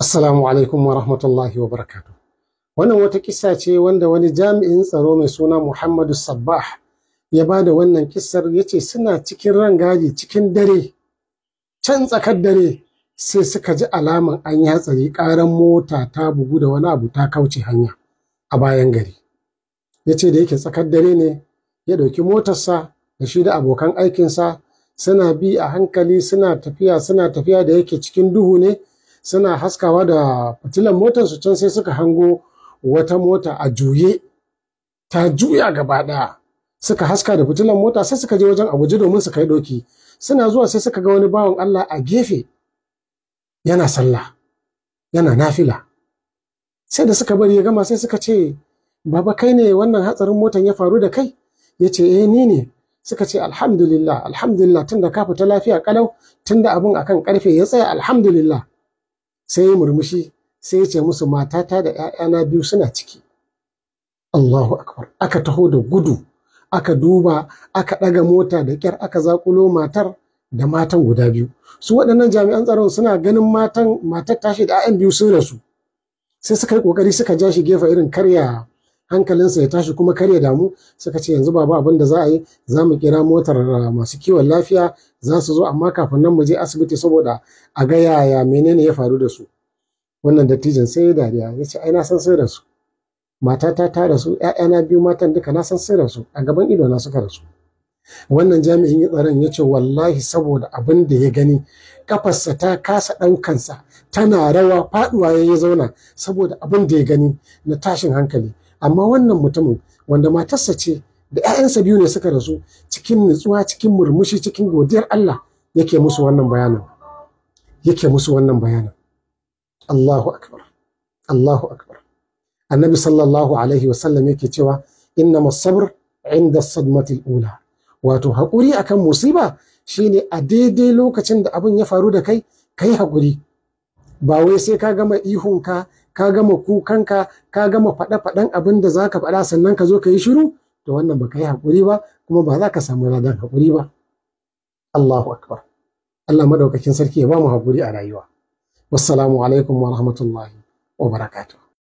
Assalamu alaikum wa rahmatullahi wa barakatu. Wannan wata kisa ce wanda wani jami'in tsaro mai suna Muhammadu Sabbah ya ba da wannan kisar ya ce suna cikin rangaji cikin dare, can tsakar dare sai suka ji alaman an yi hatsari ƙaran mota ta bugu da wani abu ta kauce hanya a bayan gari. Ya ce da yake tsakar dare ne ya ɗauki motarsa da shi da abokan aikinsa suna bi a hankali suna tafiya suna tafiya da yake cikin duhu ne. suna haskawa da fitilan motar su can sai suka hango wata mota a juye ta juya gaba ɗaya suka haska da fitilan mota sai suka je wajen abuja domin su kai doki suna zuwa sai suka ga wani bawan Allah a gefe yana sallah yana nafila sai da suka bari ya gama sai suka ce baba kai ne wannan hatsarin motan ya faru da kai ya ce eh ni ne suka ce alhamdulillah alhamdulillah tunda ka fita lafiya kalau tunda abun akan karfe ya tsaya alhamdulillah sai ya murmushi sai ya ce musu matata da ‘ya'yana biyu suna ciki. Allahu akbar aka taho da gudu aka duba aka ɗaga mota da ƙyar aka zaƙulo matar da matan guda biyu su waɗannan jami'an tsaron suna ganin matan matar tashi da 'ya'yan biyu sun rasu sai suka yi ƙoƙari suka ja shi gefe irin karya hankalinsa ya tashi kuma kar ya damu suka ce yanzu babu abin da za a yi za mu kira motar ah, masu kiwon lafiya za su zo amma kafin nan mu je asibiti saboda a ga yaya menene ya faru da su wannan dattijan sai ya dariya ya ce ai na san sai da su matata ta rasu ‘ya'yana biyu matan duka na san sai da su, a gaban ido na suka rasu wannan jami'in tsaron ya ce wallahi saboda abin da ya gani kafarsa ta kasa ɗaukansa tana rawa faɗuwa ya zauna saboda abin da ya gani na tashin hankali amma wannan mutumin wanda matarsa ce da 'ya'yansa biyu ne suka rasu cikin nutsuwa cikin murmushi cikin godiyar Allah yake musu wannan bayanin yake musu wannan bayanin Allahu akbar Allahu akbar annabi sallallahu alaihi wa sallam yake cewa inna sabr inda sadmati ula wato hakuri akan musiba shine a daidai lokacin da abin ya faru da kai kai hakuri. ba wai sai ka gama ihunka ka gama kukanka ka gama faɗe-faɗen abin da za ka faɗa sannan ka zo ka yi shiru to wannan ba ka yi haƙuri ba kuma ba za ka samu ladan haƙuri ba Allahu akbar Allah madaukakin sarki ya ba mu haƙuri a rayuwa wassalamu alaikum wa rahmatullahi wa barakatuh